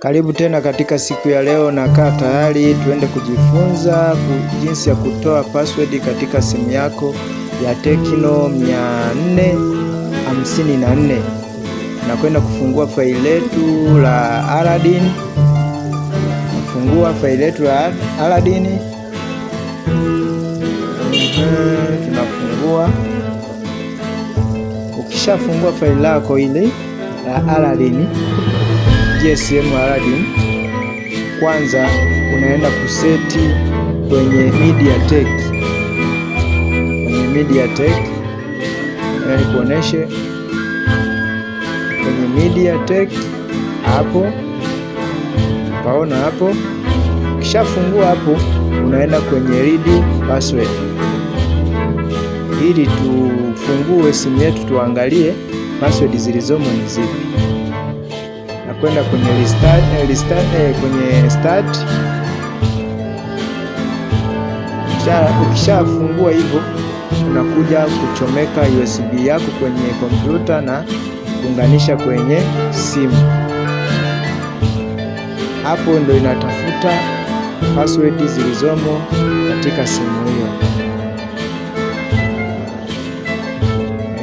Karibu tena katika siku ya leo, na kaa tayari tuende kujifunza jinsi ya kutoa password katika simu yako ya Tecno 454. kwenda kufungua faili letu la Aladdin. Fungua faili letu la Aladdin. Eh, tunafungua. Ukishafungua faili lako ile la Aladdin GSM Aladdin, kwanza unaenda kuseti kwenye MediaTek, kwenye MediaTek nikuoneshe kwenye MediaTek hapo, paona hapo. Ukishafungua hapo, unaenda kwenye read password ili tufungue simu yetu tuangalie password zilizomo ni zipi kwenda kwenye restart, restart, eh, eh, kwenye start. Ukishafungua hivyo unakuja kuchomeka USB yako kwenye kompyuta na kuunganisha kwenye simu. Hapo ndo inatafuta password zilizomo katika simu hiyo.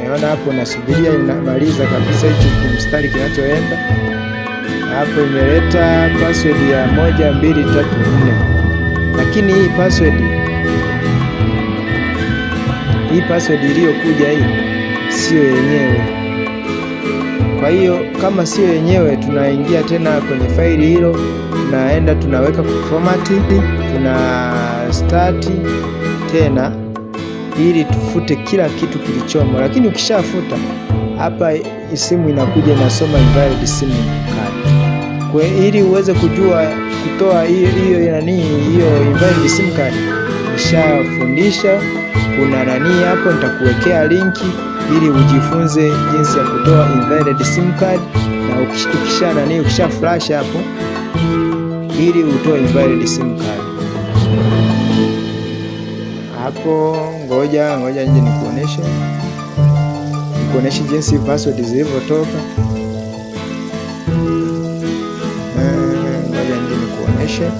Naona hapo nasubiria inamaliza kabisa hicho kimstari kinachoenda hapo imeleta password ya moja mbili tatu nne, lakini hii password hii password iliyokuja hii siyo yenyewe. Kwa hiyo kama siyo yenyewe, tunaingia tena kwenye faili hilo, tunaenda tunaweka kuformat, tuna start tena ili tufute kila kitu kilichomo, lakini ukishafuta hapa simu inakuja inasoma invalid SIM card. Kwa ili uweze kujua kutoa hiyo hiyo nani hiyo invalid sim card, nishafundisha kuna nani hapo, nitakuwekea linki ili ujifunze jinsi ya kutoa invalid sim card, na ukisha nani ukisha flash hapo ili utoe invalid sim card hapo. Ngoja ngoja nje nikuoneshe nikuoneshe jinsi password zilivyotoka. nikuonyeshe.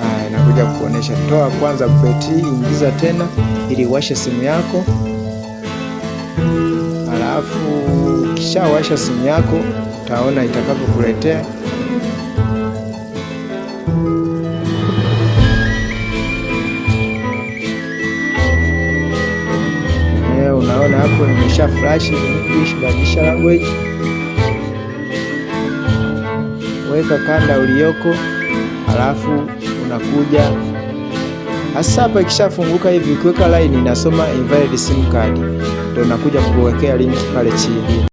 Haya, nakuja kukuonyesha. Toa kwanza beti, ingiza tena ili washe simu yako, alafu kishawasha simu yako utaona itakapokuletea eh, Unaona hapo nimesha flash, English language weka kanda ulioko halafu unakuja hasa hapa. Ikishafunguka hivi, ukiweka line inasoma invalid sim card, ndio unakuja kuwekea link pale chini.